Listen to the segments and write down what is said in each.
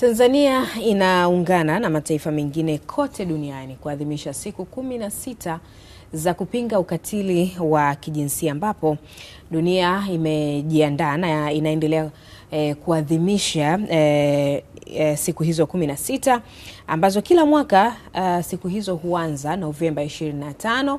Tanzania inaungana na mataifa mengine kote duniani kuadhimisha siku kumi na sita za kupinga ukatili wa kijinsia ambapo dunia imejiandaa na inaendelea eh, kuadhimisha eh, eh, siku hizo kumi na sita ambazo kila mwaka eh, siku hizo huanza Novemba 25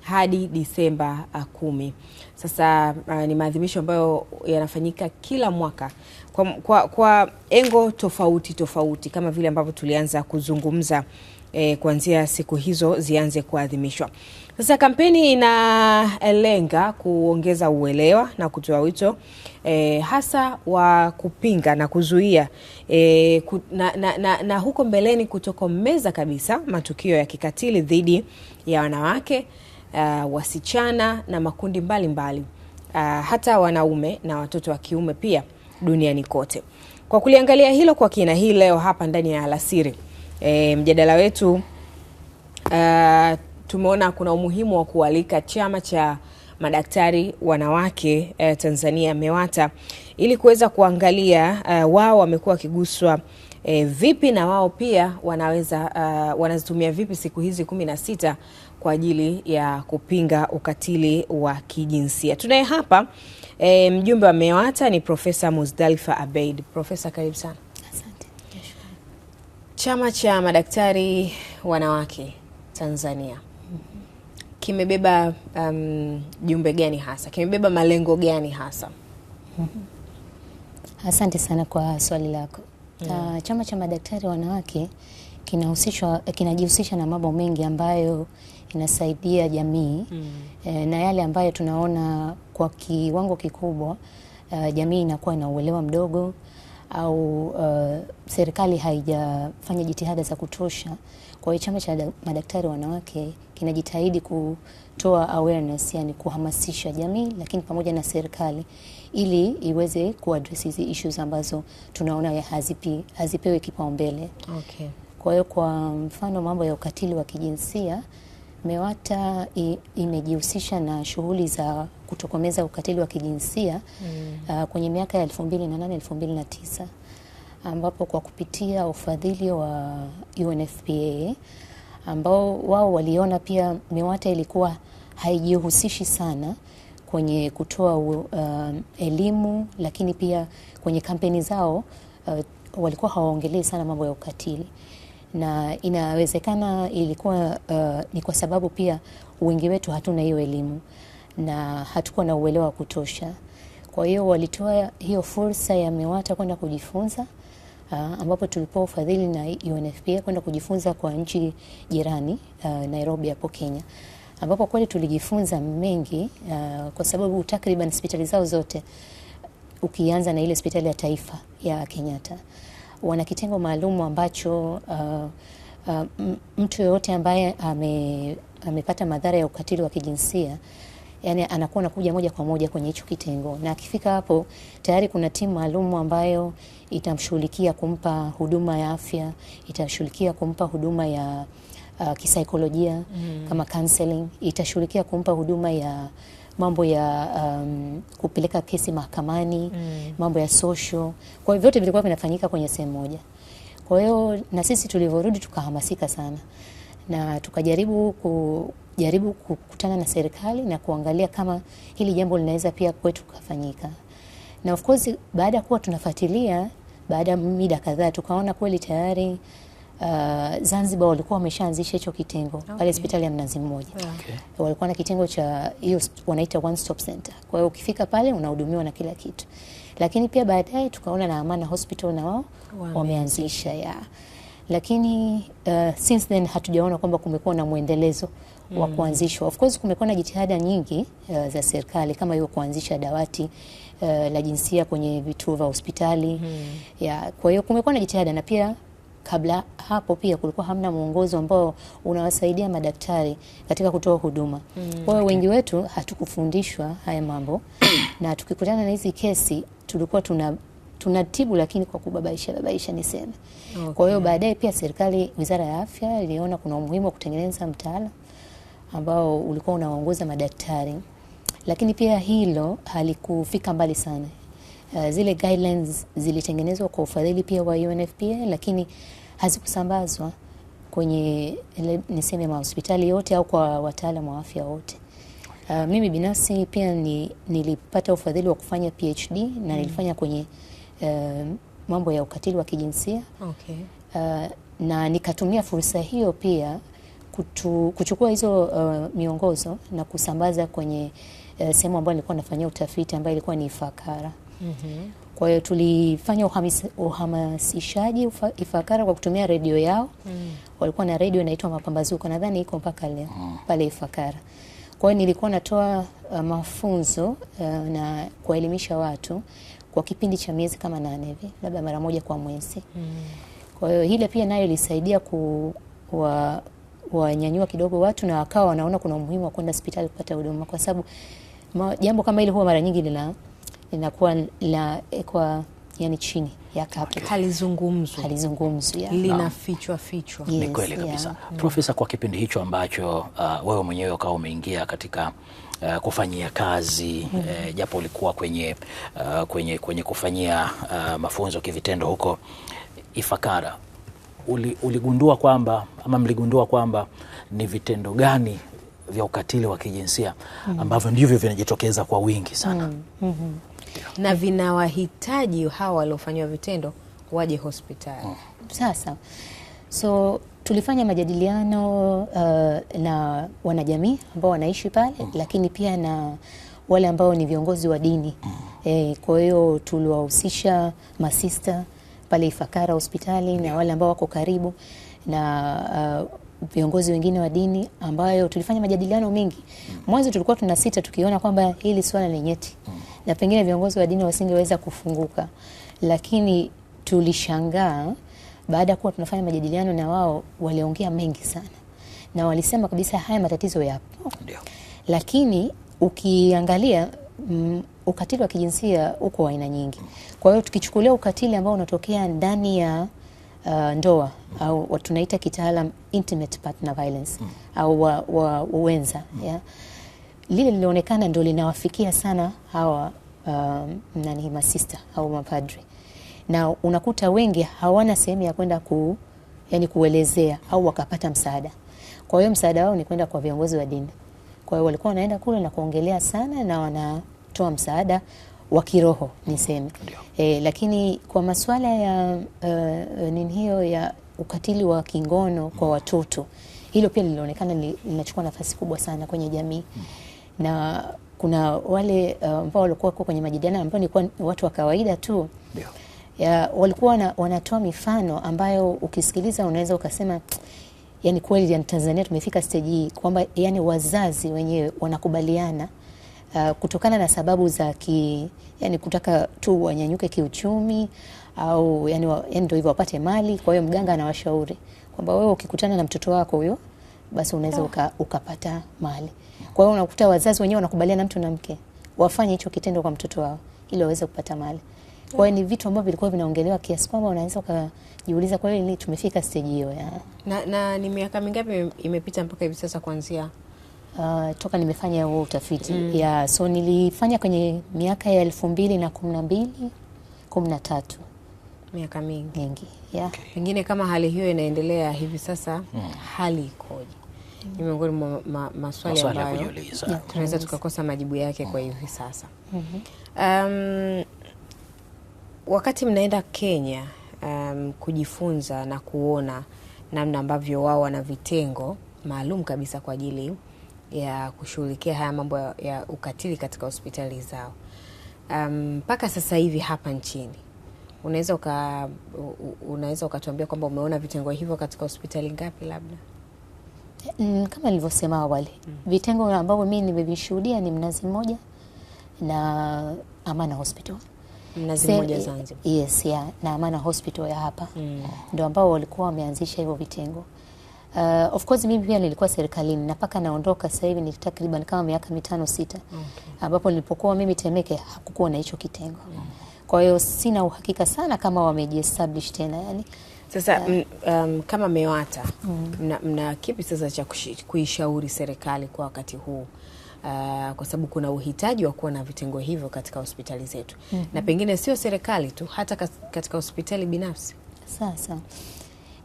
hadi Disemba eh, kumi. Sasa uh, ni maadhimisho ambayo yanafanyika kila mwaka kwa, kwa, kwa engo tofauti tofauti kama vile ambavyo tulianza kuzungumza eh, kuanzia siku hizo zianze kuadhimishwa. Sasa kampeni inalenga kuongeza uelewa na kutoa wito eh, hasa wa kupinga na kuzuia eh, ku, na, na, na, na huko mbeleni kutokomeza kabisa matukio ya kikatili dhidi ya wanawake uh, wasichana na makundi mbalimbali mbali. Uh, hata wanaume na watoto wa kiume pia duniani kote. Kwa kuliangalia hilo kwa kina, hii leo hapa ndani ya Alasiri e, mjadala wetu uh, tumeona kuna umuhimu wa kualika chama cha madaktari wanawake eh, Tanzania MEWATA ili kuweza kuangalia eh, wao wamekuwa wakiguswa E, vipi na wao pia wanaweza eh, wanazitumia vipi siku hizi kumi na sita kwa ajili ya kupinga ukatili wa kijinsia. Tunaye hapa E, mjumbe wa MEWATA ni Profesa Muzdalifa Abeid. Profesa, karibu sana. Asante. Chama cha madaktari wanawake Tanzania mm-hmm. kimebeba um, jumbe gani hasa? Kimebeba malengo gani hasa? Mm-hmm. Asante sana kwa swali lako. Mm. Uh, chama cha madaktari wanawake kinahusishwa kinajihusisha na mambo mengi ambayo inasaidia jamii mm. E, na yale ambayo tunaona kwa kiwango kikubwa uh, jamii inakuwa ina uelewa mdogo au uh, serikali haijafanya jitihada za kutosha. Kwa hiyo chama cha madaktari wanawake kinajitahidi kutoa awareness, yani kuhamasisha jamii, lakini pamoja na serikali ili iweze kuaddress hizi issues ambazo tunaona hazipi, hazipewi kipaumbele. Okay. Kwa hiyo kwa mfano mambo ya ukatili wa kijinsia MEWATA imejihusisha na shughuli za kutokomeza ukatili wa kijinsia mm. uh, kwenye miaka ya 2008 2009 ambapo kwa kupitia ufadhili wa UNFPA ambao wao waliona pia MEWATA ilikuwa haijihusishi sana kwenye kutoa uh, elimu, lakini pia kwenye kampeni zao uh, walikuwa hawaongelei sana mambo ya ukatili na inawezekana ilikuwa uh, ni kwa sababu pia wengi wetu hatuna hiyo elimu na hatukuwa na uelewa wa kutosha. Kwa hiyo walitoa hiyo fursa ya MEWATA kwenda kujifunza uh, ambapo tulipewa ufadhili na UNFPA kwenda kujifunza kwa nchi jirani uh, Nairobi hapo Kenya, ambapo kweli tulijifunza mengi uh, kwa sababu takriban hospitali zao zote ukianza na ile hospitali ya taifa ya Kenyatta wana kitengo maalum ambacho uh, uh, mtu yoyote ambaye ame, amepata madhara ya ukatili wa kijinsia yani anakuwa anakuja moja kwa moja kwenye hicho kitengo, na akifika hapo tayari kuna timu maalum ambayo itamshughulikia kumpa huduma ya afya, itashughulikia kumpa huduma ya uh, kisaikolojia mm. kama counseling, itashughulikia kumpa huduma ya mambo ya um, kupeleka kesi mahakamani mm. mambo ya social, kwa hiyo vyote vilikuwa vinafanyika kwenye sehemu moja. Kwa hiyo na sisi tulivyorudi tukahamasika sana na tukajaribu jaribu kukutana na serikali na kuangalia kama hili jambo linaweza pia kwetu kufanyika, na of course baada ya kuwa tunafuatilia, baada ya mida kadhaa tukaona kweli tayari uh, Zanzibar walikuwa wameshaanzisha hicho kitengo okay. pale hospitali ya Mnazi Mmoja yeah. okay. walikuwa na kitengo cha hiyo wanaita one stop center. Kwa hiyo ukifika pale unahudumiwa na kila kitu, lakini pia baadaye tukaona na Amana Hospital na wao wameanzisha ya lakini uh, since then hatujaona kwamba kumekuwa na mwendelezo mm. wa kuanzishwa. Of course kumekuwa na jitihada nyingi uh, za serikali kama hiyo kuanzisha dawati uh, la jinsia kwenye vituo vya hospitali mm. ya, kwa hiyo kumekuwa na jitihada na pia Kabla hapo pia kulikuwa hamna mwongozo ambao unawasaidia madaktari katika kutoa huduma. Mm. Kwa hiyo wengi wetu hatukufundishwa haya mambo na tukikutana na hizi kesi tulikuwa tuna tunatibu lakini kwa kubabaisha babaisha niseme. Okay. Kwa hiyo baadaye pia serikali, Wizara ya Afya iliona kuna umuhimu wa kutengeneza mtaala ambao ulikuwa unawaongoza madaktari, lakini pia hilo halikufika mbali sana uh, zile guidelines zilitengenezwa kwa ufadhili pia wa UNFPA, lakini hazikusambazwa kwenye niseme mahospitali yote au kwa wataalamu wa afya wote. Uh, mimi binafsi pia ni, nilipata ufadhili wa kufanya PhD na mm. nilifanya kwenye uh, mambo ya ukatili wa kijinsia okay. Uh, na nikatumia fursa hiyo pia kutu, kuchukua hizo uh, miongozo na kusambaza kwenye uh, sehemu ambayo nilikuwa nafanyia utafiti ambayo ilikuwa ni Ifakara -hmm. Kwa hiyo tulifanya uhamasishaji Ifakara kwa kutumia redio yao mm. -hmm. Walikuwa na redio inaitwa Mapambazuko, nadhani iko mpaka leo mm. -hmm. pale Ifakara. Kwa hiyo nilikuwa natoa uh, mafunzo uh, na kuwaelimisha watu kwa kipindi cha miezi kama nane hivi, labda mara moja kwa mwezi mm. -hmm. Kwa hiyo hile pia nayo ilisaidia ku wa, wanyanyua kidogo watu na wakawa wanaona kuna umuhimu wa kwenda hospitali kupata huduma, kwa sababu jambo kama hili huwa mara nyingi lina linakuwa la eh, kwa yani chini ya kapu halizungumzwi, halizungumzwi linafichwa fichwa. Ni kweli kabisa mm. Profesa, kwa kipindi hicho ambacho uh, wewe mwenyewe ukawa umeingia katika Uh, kufanyia kazi mm -hmm. Uh, japo ulikuwa kwenye, uh, kwenye, kwenye kufanyia uh, mafunzo kivitendo huko Ifakara, uli, uligundua kwamba ama mligundua kwamba ni vitendo gani vya ukatili wa kijinsia mm-hmm. ambavyo ndivyo vinajitokeza kwa wingi sana? mm -hmm na vinawahitaji hawa waliofanyiwa vitendo waje hospitali. Oh. Sasa so tulifanya majadiliano uh, na wanajamii ambao wanaishi pale mm. Lakini pia na wale ambao ni viongozi wa dini mm. E, kwa hiyo tuliwahusisha masista pale Ifakara hospitali yeah. Na wale ambao wako karibu na uh, viongozi wengine wa dini ambayo tulifanya majadiliano mengi. Mm. Mwanzo tulikuwa tuna sita tukiona kwamba hili swala ni nyeti mm na pengine viongozi wa dini wasingeweza kufunguka, lakini tulishangaa baada ya kuwa tunafanya majadiliano na wao, waliongea mengi sana na walisema kabisa haya matatizo yapo, lakini ukiangalia mm, ukatili wa kijinsia uko aina nyingi. Kwa hiyo tukichukulia ukatili ambao unatokea ndani ya uh, ndoa au tunaita kitaalam intimate partner violence mm. au wa, wa, uwenza yeah? lile lilionekana ndio linawafikia sana hawa um, nani masista au mapadri, na unakuta wengi hawana sehemu ya kwenda ku, yani kuelezea au wakapata msaada. Kwa hiyo msaada wao ni kwenda kwa viongozi wa dini. Kwa hiyo walikuwa wanaenda kule na kuongelea sana na wanatoa msaada wa kiroho niseme. E, lakini kwa masuala ya uh, nini hiyo ya ukatili wa kingono kwa watoto hilo pia lilionekana linachukua nafasi kubwa sana kwenye jamii. Mm na kuna wale uh, ambao walikuwa kwenye majadiliano ambao nilikuwa watu wa kawaida tu Ya, walikuwa na, wanatoa mifano ambayo ukisikiliza unaweza ukasema yani kweli ya Tanzania tumefika stage hii kwamba yani wazazi wenyewe wanakubaliana uh, kutokana na sababu za ki, yani kutaka tu wanyanyuke kiuchumi au yani, wa, yani ndio hivyo wapate mali. Kwa hiyo mganga anawashauri kwamba wewe ukikutana na mtoto wako huyo basi unaweza uka, ukapata mali. Kwa hiyo unakuta wazazi wenyewe wanakubaliana mtu na mke wafanye hicho kitendo kwa mtoto wao ili waweze kupata mali. Kwa hiyo ni vitu ambavyo vilikuwa vinaongelewa kiasi kwamba unaweza ukajiuliza kwa nini tumefika stage hiyo ya. Na, na ni miaka mingapi imepita mpaka hivi sasa kuanzia Uh, toka nimefanya huo utafiti mm. Yeah, so nilifanya kwenye miaka ya elfu mbili na kumi na mbili kumi na tatu miaka mingi mingi, yeah. Okay. Pengine kama hali hiyo inaendelea hivi sasa mm. hali ikoje? Mm. ni miongoni mwa ma, maswali ambayo tunaweza tukakosa majibu yake mm. kwa hivi sasa mm -hmm. um, wakati mnaenda Kenya um, kujifunza na kuona namna ambavyo wao wana vitengo maalum kabisa kwa ajili ya kushughulikia haya mambo ya, ya ukatili katika hospitali zao um, mpaka um, sasa hivi hapa nchini unaweza unaweza ukatuambia kwamba umeona vitengo hivyo katika hospitali ngapi labda? Mm, kama nilivyosema awali, mm. vitengo ambavyo mimi nimevishuhudia ni Mnazi Mmoja na Amana Hospital. Mnazi Mmoja Zanzibar. Yes, yeah, na Amana Hospital ya hapa mm. Ndio ambao walikuwa wameanzisha hivyo vitengo. Uh, of course mimi pia nilikuwa serikalini na mpaka naondoka sasa hivi ni takriban kama miaka mitano sita, okay. Ambapo nilipokuwa mimi Temeke hakukuwa na hicho kitengo mm. Kwa hiyo sina uhakika sana kama wamejiestablish tena yani sasa yeah. m, um, kama MEWATA mm. mna, mna kipi sasa cha kuishauri serikali kwa wakati huu uh, kwa sababu kuna uhitaji wa kuwa na vitengo hivyo katika hospitali zetu mm -hmm. na pengine sio serikali tu, hata katika hospitali binafsi sasa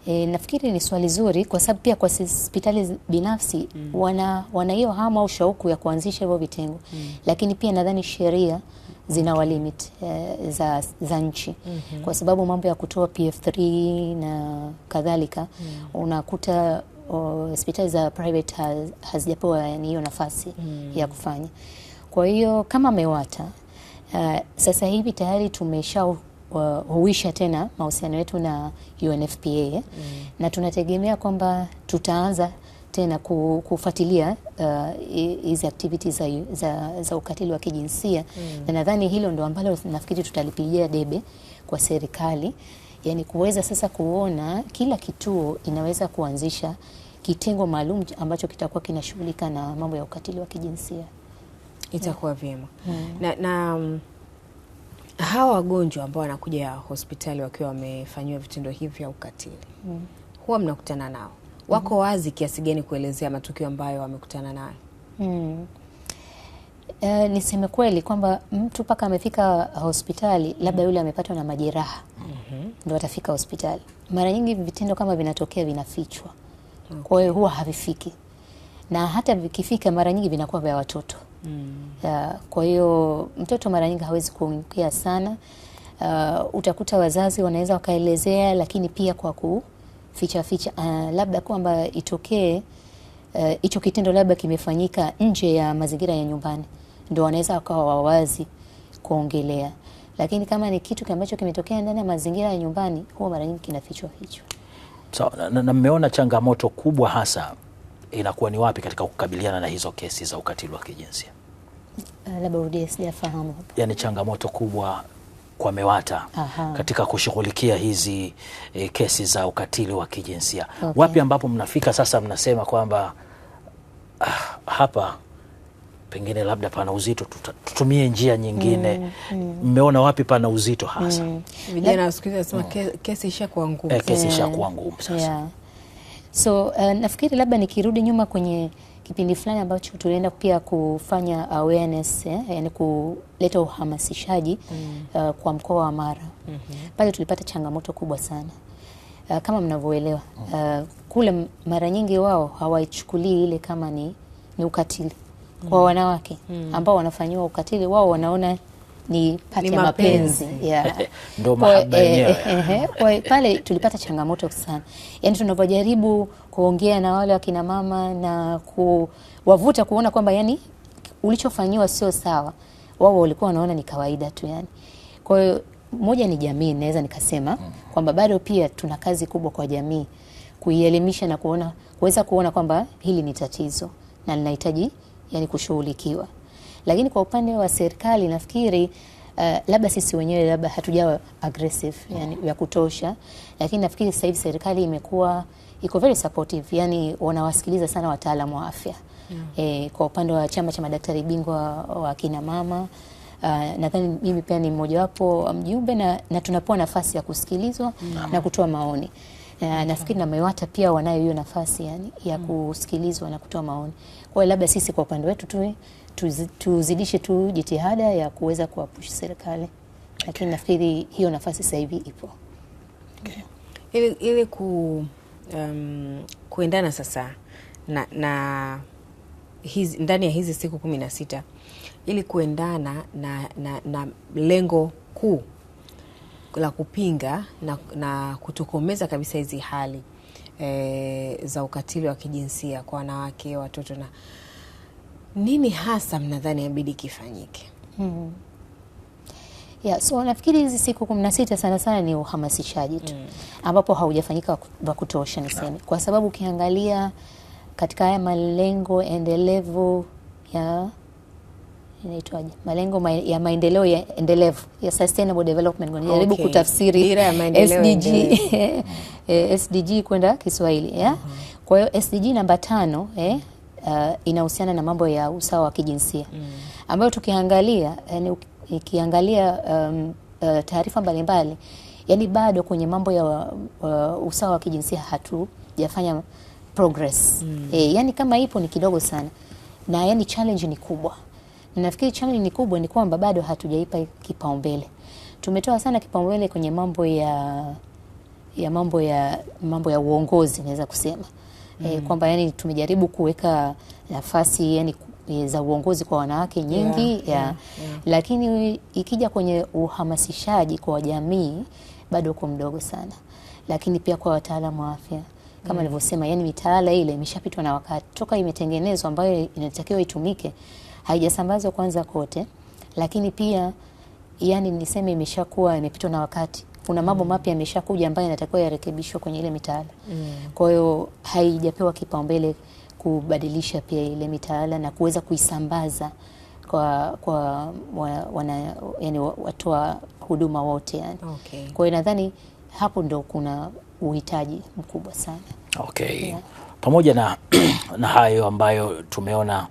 E, nafikiri ni swali zuri kwa sababu pia kwa hospitali binafsi mm. wana wana hiyo hamu au shauku ya kuanzisha hivyo vitengo mm. Lakini pia nadhani sheria mm zinawa limit eh, za, za nchi mm -hmm. Kwa sababu mambo ya kutoa PF3 na kadhalika mm -hmm. unakuta hospitali za private hazijapewa yani hiyo nafasi mm -hmm. ya kufanya. Kwa hiyo kama MEWATA uh, sasa hivi tayari tumesha uh, huisha tena mahusiano yetu na UNFPA mm. na tunategemea kwamba tutaanza tena kufuatilia uh, hizi uh, activities za, za, za ukatili wa kijinsia mm. Na nadhani hilo ndo ambalo nafikiri tutalipigia debe kwa serikali, yani kuweza sasa kuona kila kituo inaweza kuanzisha kitengo maalum ambacho kitakuwa kinashughulika na mambo ya ukatili wa kijinsia itakuwa yeah. vyema mm. na, na mm, hawa wagonjwa ambao wanakuja hospitali wakiwa wamefanyiwa vitendo hivi vya ukatili mm. huwa mnakutana nao wako wazi kiasi gani kuelezea matukio ambayo wamekutana nayo? mm. Uh, niseme kweli kwamba mtu mpaka amefika hospitali labda yule amepatwa na majeraha mm-hmm. ndo atafika hospitali. Mara nyingi vitendo kama vinatokea vinafichwa, okay. Kwa hiyo huwa havifiki, na hata vikifika mara nyingi vinakuwa vya watoto mm. Uh, kwa hiyo mtoto mara nyingi hawezi kuongea sana. Uh, utakuta wazazi wanaweza wakaelezea, lakini pia kwa ficha ficha, uh, labda kwamba itokee eh, hicho uh, kitendo labda kimefanyika nje ya mazingira ya nyumbani, ndio wanaweza wakawa wawazi kuongelea, lakini kama ni kitu ambacho kimetokea ndani ya mazingira ya nyumbani, huwa mara nyingi kinafichwa hicho. So, na mmeona changamoto kubwa hasa inakuwa ni wapi katika kukabiliana na hizo kesi za ukatili wa kijinsia? Uh, labda urudie, sijafahamu. Yaani changamoto kubwa kwa MEWATA Aha. katika kushughulikia hizi e, kesi za ukatili wa kijinsia okay. Wapi ambapo mnafika sasa mnasema kwamba ah, hapa pengine labda pana uzito, tutumie njia nyingine. Mmeona mm, mm. wapi pana uzito hasa? Mm. Vijana wasikiliza nasema kesi ishakuwa ngumu, eh, kesi ishakuwa ngumu sasa. So uh, nafikiri labda nikirudi nyuma kwenye kipindi fulani ambacho tulienda pia kufanya awareness eh, yani kuleta uhamasishaji mm. uh, kwa mkoa wa Mara mm -hmm. Pale tulipata changamoto kubwa sana uh, kama mnavyoelewa uh, kule mara nyingi wao hawaichukulii ile kama ni, ni ukatili mm. kwa wanawake mm. ambao wanafanyiwa ukatili wao wanaona ni pati ya mapenzi yeah. Ndo mahaba yenyewe eh, eh, pale tulipata changamoto sana, yani tunavyojaribu kuongea na wale wakina mama na kuwavuta kuona kwamba yani ulichofanyiwa sio sawa. Wao walikuwa wanaona ni kawaida tu yani. Kwa hiyo moja ni jamii, naweza nikasema mm. kwamba bado pia tuna kazi kubwa kwa jamii kuielimisha na kuona kuweza kuona kwamba hili ni tatizo na linahitaji yani kushughulikiwa. Lakini kwa upande wa serikali nafikiri uh, labda sisi wenyewe labda hatujawa aggressive yani ya kutosha, lakini nafikiri sasa hivi serikali imekuwa iko very supportive, yani wanawasikiliza sana wataalamu wa afya yeah. E, kwa upande wa chama cha madaktari bingwa wa kina mama Uh, nadhani mimi pia ni mmojawapo mjumbe na, na tunapewa nafasi ya kusikilizwa mm. na kutoa maoni uh, mm. nafikiri na MEWATA pia wanayo hiyo nafasi yani, ya mm. kusikilizwa na kutoa maoni. Kwa hiyo labda sisi kwa upande wetu tu tuzidishe tu jitihada ya kuweza kuwapushi serikali, lakini okay. nafikiri hiyo nafasi sasa hivi ipo okay. ili, ili ku um, kuendana sasa na, na hizi, ndani ya hizi siku kumi na sita ili kuendana na, na, na lengo kuu la kupinga na, na kutokomeza kabisa hizi hali e, za ukatili wa kijinsia kwa wanawake, watoto na nini hasa mnadhani abidi kifanyike? mm -hmm. Yeah, so nafikiri hizi siku 16 sana sana ni uhamasishaji tu mm. ambapo haujafanyika vya kutosha niseme, kwa sababu ukiangalia katika haya malengo endelevu ya inaitwaje, malengo ma, ya maendeleo ya endelevu ya sustainable development, najaribu okay. kutafsiri SDG eh, eh SDG kwenda Kiswahili yeah? mm -hmm. kwa hiyo SDG namba tano eh, uh, inahusiana na mambo ya usawa wa kijinsia mm. ambayo tukiangalia eh, nikiangalia um, uh, taarifa mbalimbali, yani bado kwenye mambo ya uh, usawa wa kijinsia hatujafanya progress mm. E, yani kama ipo ni kidogo sana, na yani challenge ni kubwa. Nafikiri challenge ni kubwa ni kwamba bado hatujaipa kipaumbele. Tumetoa sana kipaumbele kwenye mambo ya ya mambo ya mambo ya uongozi naweza kusema mm. E, kwamba yani tumejaribu kuweka nafasi yani za uongozi kwa wanawake nyingi yeah, yeah, yeah. Lakini ikija kwenye uhamasishaji kwa jamii bado uko mdogo sana, lakini pia kwa wataalamu wa afya kama mm. alivyosema mm. Yani, mitaala ile imeshapitwa na wakati toka imetengenezwa, ambayo inatakiwa itumike, haijasambazwa kwanza kote, lakini pia yani niseme imeshakuwa imepitwa na wakati. Kuna mambo mm. mapya yameshakuja ambayo yanatakiwa yarekebishwe kwenye ile mitaala mm. kwa hiyo haijapewa kipaumbele kubadilisha pia ile mitaala na kuweza kuisambaza kwa, kwa wana, yani watoa huduma wote yani. Okay. Kwa hiyo nadhani hapo ndo kuna uhitaji mkubwa sana. Okay. Yeah. Pamoja na, na hayo ambayo tumeona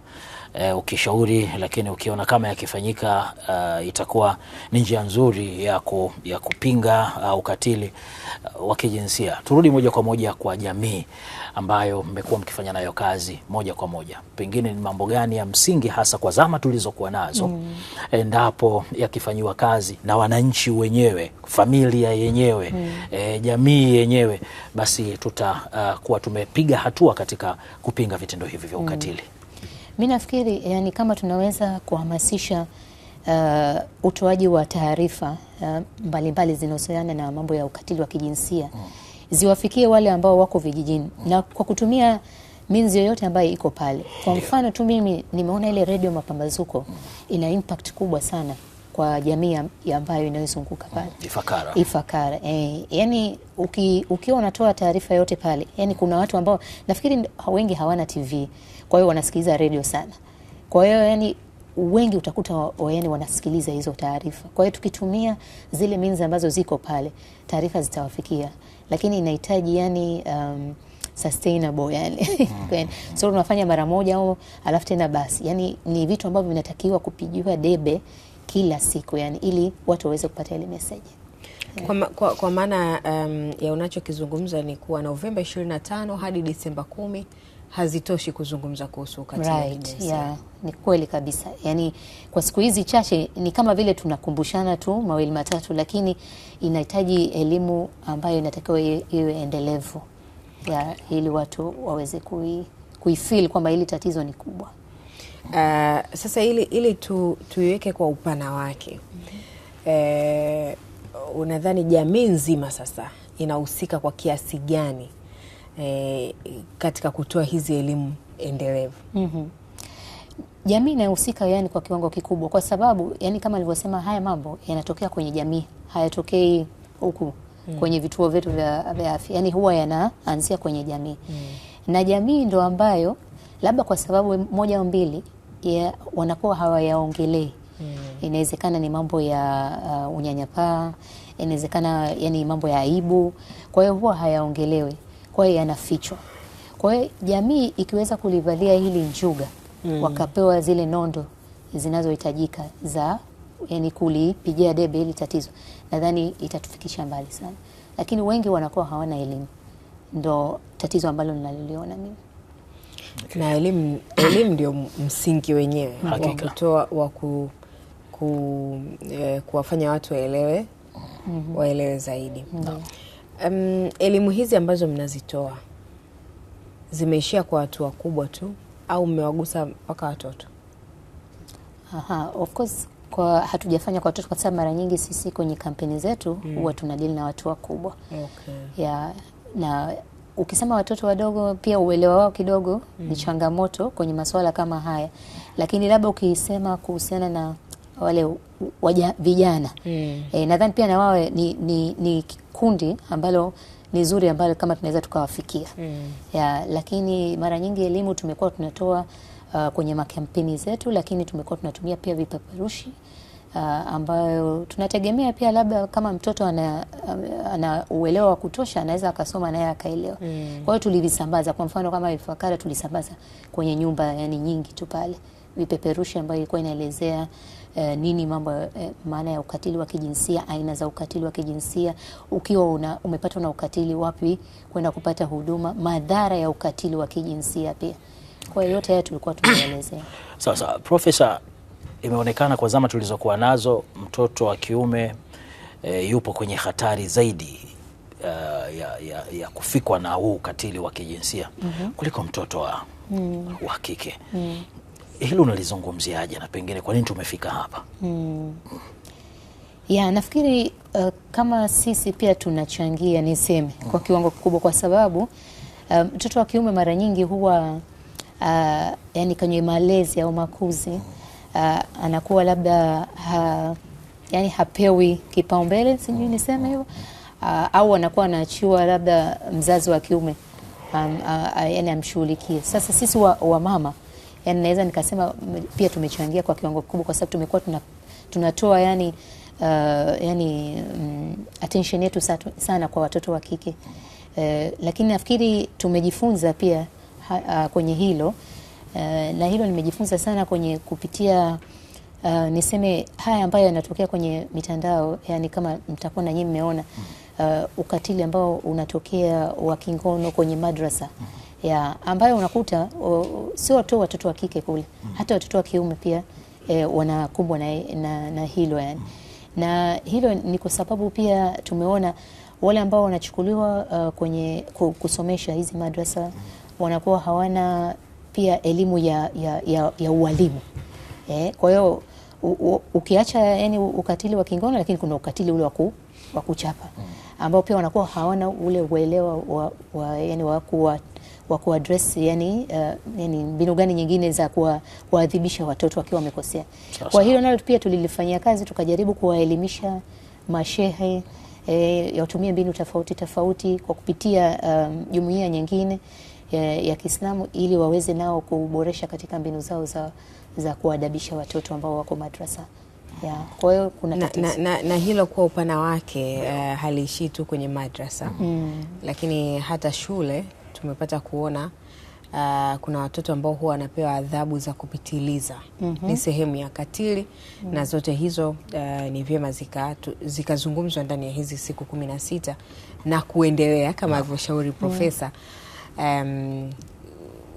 uh, ukishauri, lakini ukiona kama yakifanyika uh, itakuwa ni njia nzuri ya, ku, ya kupinga uh, ukatili uh, wa kijinsia. Turudi moja kwa moja kwa jamii ambayo mmekuwa mkifanya nayo kazi moja kwa moja, pengine ni mambo gani ya msingi hasa kwa zama tulizokuwa nazo mm. endapo yakifanyiwa kazi na wananchi wenyewe, familia yenyewe mm. e, jamii yenyewe, basi tutakuwa uh, tumepiga hatua katika kupinga vitendo hivi vya mm. ukatili mm. Mi nafikiri yani, kama tunaweza kuhamasisha uh, utoaji wa taarifa uh, mbalimbali zinahusiana na mambo ya ukatili wa kijinsia mm. ziwafikie wale ambao wako vijijini mm. na kwa kutumia minzi yoyote ambayo iko pale. Kwa mfano tu mimi nimeona ile redio Mapambazuko mm. ina impact kubwa sana kwa jamii ambayo inayozunguka pale mm. Ifakara, Ifakara. E, yani ukiwa unatoa taarifa yote pale yani, kuna watu ambao nafikiri wengi hawana TV kwa hiyo wanasikiliza redio sana. Kwa hiyo yani wengi utakuta wayani wanasikiliza hizo taarifa. Kwa hiyo tukitumia zile minzi ambazo ziko pale, taarifa zitawafikia, lakini inahitaji yani um, sustainable yani. Mm-hmm. So tunafanya mara moja au alafu tena basi, yani ni vitu ambavyo vinatakiwa kupigiwa debe kila siku yani, ili watu waweze kupata ile message. Kwa, kwa, kwa maana um, ya unachokizungumza ni kuwa Novemba 25 hadi Disemba kumi hazitoshi kuzungumza kuhusu ukatili wa kijinsia. Yeah, ni kweli kabisa. Yaani kwa siku hizi chache ni kama vile tunakumbushana tu mawili matatu, lakini inahitaji elimu ambayo inatakiwa iwe endelevu ya ili watu waweze kui kwamba hili tatizo ni kubwa. Uh, sasa ili, ili tu, tuiweke kwa upana wake mm -hmm. Eh, unadhani jamii nzima sasa inahusika kwa kiasi gani eh, katika kutoa hizi elimu endelevu mm -hmm. Jamii inayohusika yani kwa kiwango kikubwa, kwa sababu yani kama alivyosema, haya mambo yanatokea kwenye jamii, hayatokei huku mm. kwenye vituo vyetu vya, vya afya, yani huwa yanaanzia kwenye jamii mm. na jamii ndo ambayo labda kwa sababu moja au mbili ya, wanakuwa hawayaongelei mm. Inawezekana ni mambo ya uh, unyanyapaa, inawezekana yani mambo ya aibu, kwa hiyo huwa hayaongelewi kwa hiyo yanafichwa. Kwa hiyo jamii ikiweza kulivalia hili njuga mm. wakapewa zile nondo zinazohitajika za yani kulipigia debe hili tatizo, nadhani itatufikisha mbali sana, lakini wengi wanakuwa hawana elimu, ndo tatizo ambalo ninaliliona mimi okay. na elimu elimu ndio msingi wenyewe wa kutoa wa ku, ku, eh, kuwafanya watu waelewe mm -hmm. waelewe zaidi no. Um, elimu hizi ambazo mnazitoa zimeishia kwa watu wakubwa tu au mmewagusa mpaka watoto? Aha, of course kwa hatujafanya kwa watoto kwa sababu mara nyingi sisi kwenye kampeni zetu mm. huwa tunadili na watu wakubwa. Okay. Ya, na ukisema watoto wadogo pia uelewa wao kidogo mm. ni changamoto kwenye masuala kama haya, lakini labda ukisema kuhusiana na wale waja, vijana mm. E, nadhani pia na wao ni, ni, ni kikundi ambalo ni zuri ambalo kama tunaweza tukawafikia mm. ya, lakini mara nyingi elimu tumekuwa tunatoa uh, kwenye makampeni zetu, lakini tumekuwa tunatumia pia vipeperushi uh, ambayo tunategemea pia labda kama mtoto ana, ana uelewa wa kutosha anaweza akasoma naye akaelewa mm. Kwa hiyo tulivisambaza, kwa mfano kama Ifakara tulisambaza kwenye nyumba yani nyingi tu pale vipeperushi ambayo ilikuwa inaelezea eh, nini mambo eh, maana ya ukatili wa kijinsia, aina za ukatili wa kijinsia, ukiwa una, umepatwa na ukatili, wapi kwenda kupata huduma, madhara ya ukatili wa kijinsia pia. Kwa hiyo yote haya tulikuwa tumeelezea. Sawa sawa, Profesa, imeonekana kwa zama tulizokuwa nazo mtoto wa kiume e, yupo kwenye hatari zaidi uh, ya, ya, ya kufikwa na huu ukatili wa kijinsia mm -hmm. kuliko mtoto wa, mm. wa kike mm hilo unalizungumziaje na pengine kwa nini tumefika hapa? Hmm. Ya, nafikiri uh, kama sisi pia tunachangia niseme kwa kiwango kikubwa, kwa sababu eh, mtoto um, wa kiume mara nyingi huwa uh, yani kwenye malezi au makuzi uh, anakuwa labda ha, yani hapewi kipaumbele, sijui niseme hivyo uh, au anakuwa anaachiwa labda mzazi wa kiume um, uh, yani amshughulikie. Sasa sisi wa, wa mama yani naweza nikasema pia tumechangia kwa kiwango kikubwa, kwa sababu tumekuwa tuna, tunatoa yani, uh, yani um, attention yetu sana kwa watoto wa kike uh, lakini nafikiri tumejifunza pia ha, uh, kwenye hilo uh, na hilo nimejifunza sana kwenye kupitia Uh, niseme haya ambayo yanatokea kwenye mitandao, yani kama mtakuwa na nyinyi mmeona uh, ukatili ambao unatokea wa kingono kwenye madrasa ya ambayo unakuta sio tu watoto wa kike kule, mm. hata watoto wa kiume pia e, wanakumbwa na, na, na hilo yani. Mm. Na hilo ni kwa sababu pia tumeona wale ambao wanachukuliwa uh, kwenye kusomesha hizi madrasa mm. wanakuwa hawana pia elimu ya, ya, ya, ya ualimu e, kwa hiyo ukiacha yani ukatili wa kingono, lakini kuna ukatili ule wa kuchapa ambao pia wanakuwa hawana ule uelewa wa, wa, yani wa kuwa wa kuaddress yani, uh, yani mbinu gani nyingine za kuwaadhibisha watoto wakiwa wamekosea. Kwa hilo nalo pia tulilifanyia kazi, tukajaribu kuwaelimisha mashehe eh, watumie mbinu tofauti tofauti kwa kupitia um, jumuiya um, nyingine ya, ya Kiislamu ili waweze nao kuboresha katika mbinu zao za, za kuadabisha watoto ambao wako madrasa. Ya, kwa hiyo kuna na, na, na, na hilo kwa upana wake uh, haliishii tu kwenye madrasa mm. Lakini hata shule tumepata kuona uh, kuna watoto ambao huwa wanapewa adhabu za kupitiliza mm -hmm. Ni sehemu ya katili mm -hmm. Na zote hizo uh, ni vyema zikazungumzwa zika ndani ya hizi siku kumi na sita na kuendelea kama alivyoshauri mm -hmm. Profesa um,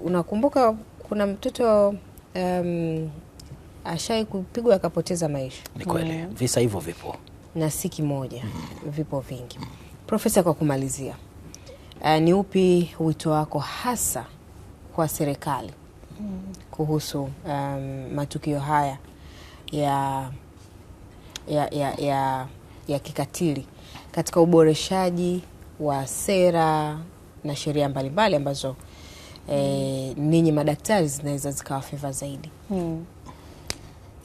unakumbuka kuna mtoto um, ashai kupigwa akapoteza maisha. Ni kweli Visa hivyo vipo na si kimoja mm -hmm. Vipo vingi mm -hmm. Profesa, kwa kumalizia Uh, ni upi wito wako hasa kwa serikali kuhusu um, matukio haya ya, ya, ya, ya, ya kikatili katika uboreshaji wa sera na sheria mbalimbali ambazo eh, ninyi madaktari zinaweza zikawa feva zaidi? Hmm.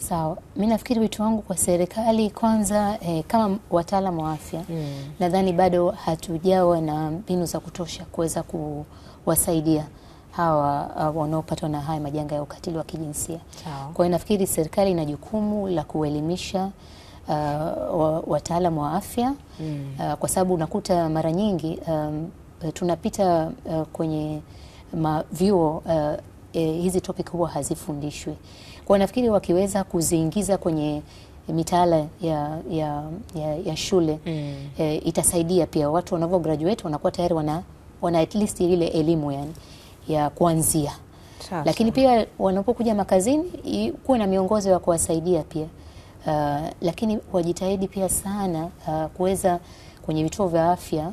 Sawa, mi nafikiri wito wangu kwa serikali kwanza, eh, kama wataalam wa afya mm. nadhani bado hatujawa na mbinu za kutosha kuweza kuwasaidia hawa uh, wanaopatwa na haya majanga ya ukatili wa kijinsia. Kwa hiyo nafikiri serikali ina jukumu la kuelimisha uh, ah, wataalam wa afya mm. uh, kwa sababu unakuta mara nyingi um, tunapita uh, kwenye mavyuo uh, eh, hizi topic huwa hazifundishwi. Kwa nafikiri wakiweza kuziingiza kwenye mitaala ya, ya, ya, ya shule mm. E, itasaidia pia watu wanavyo graduate wanakuwa tayari wana, wana at least ile elimu yani, ya kuanzia Chasa. Lakini pia wanapokuja makazini kuwe na miongozo ya kuwasaidia pia uh, lakini wajitahidi pia sana uh, kuweza kwenye vituo vya afya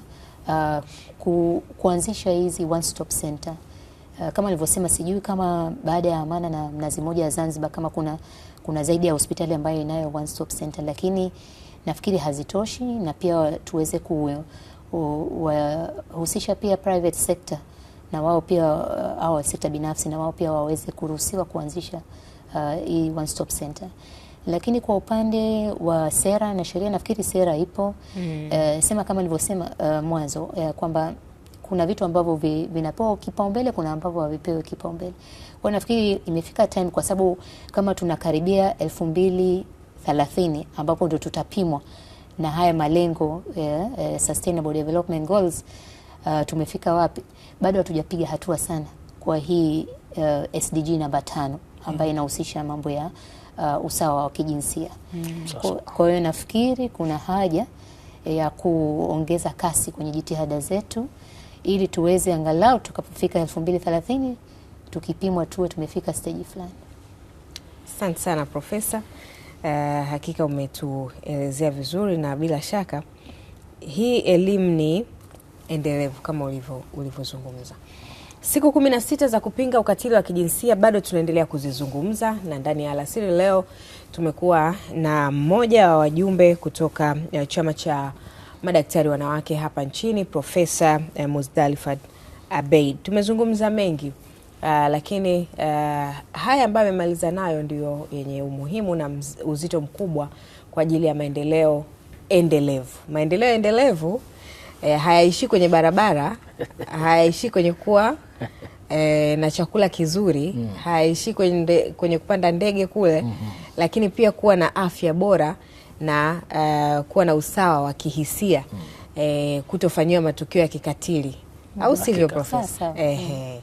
uh, ku, kuanzisha hizi one stop center Eh, kama nilivyosema, sijui kama baada ya Amana na Mnazi moja ya Zanzibar kama kuna, kuna zaidi ya hospitali ambayo inayo one stop center, lakini nafikiri hazitoshi, na pia tuweze kuwahusisha pia private sector na wao pia uh, au sekta binafsi na wao pia waweze kuruhusiwa kuanzisha eh, hii uh, one stop center lakini kwa upande wa sera na sheria nafikiri sera ipo mm. Uh, sema kama nilivyosema uh, mwanzo uh, kwamba kuna vitu ambavyo vi, vinapewa kipaumbele, kuna ambavyo havipewi kipaumbele. Kwa nafikiri imefika time, kwa sababu kama tunakaribia elfu mbili thelathini ambapo ndio tutapimwa na haya malengo yeah, uh, eh, sustainable development goals uh, tumefika wapi? Bado hatujapiga hatua sana kwa hii uh, SDG namba tano ambayo mm. inahusisha mambo ya uh, usawa wa kijinsia mm. Kwa hiyo nafikiri kuna haja eh, ya kuongeza kasi kwenye jitihada zetu ili tuweze angalau tukapofika thelathini tukipimwa tuwe tumefika steji fulani. Asante sana Profesa. Uh, hakika umetuelezea vizuri na bila shaka hii elimu ni endelevu kama ulivyozungumza. Siku kumi na sita za kupinga ukatili wa kijinsia bado tunaendelea kuzizungumza, na ndani ya alasiri leo tumekuwa na mmoja wa wajumbe kutoka eh, chama cha madaktari wanawake hapa nchini, Profesa eh, Muzdalifat Abeid. Tumezungumza mengi Uh, lakini uh, haya ambayo amemaliza nayo ndiyo yenye umuhimu na uzito mkubwa kwa ajili ya maendeleo endelevu. Maendeleo endelevu eh, hayaishi kwenye barabara, hayaishi kwenye kuwa eh, na chakula kizuri mm. hayaishi kwenye, kwenye kupanda ndege kule mm -hmm. lakini pia kuwa na afya bora na uh, kuwa na usawa wa kihisia mm. eh, kutofanyiwa matukio ya kikatili mm. au sivyo profesa? Ehe.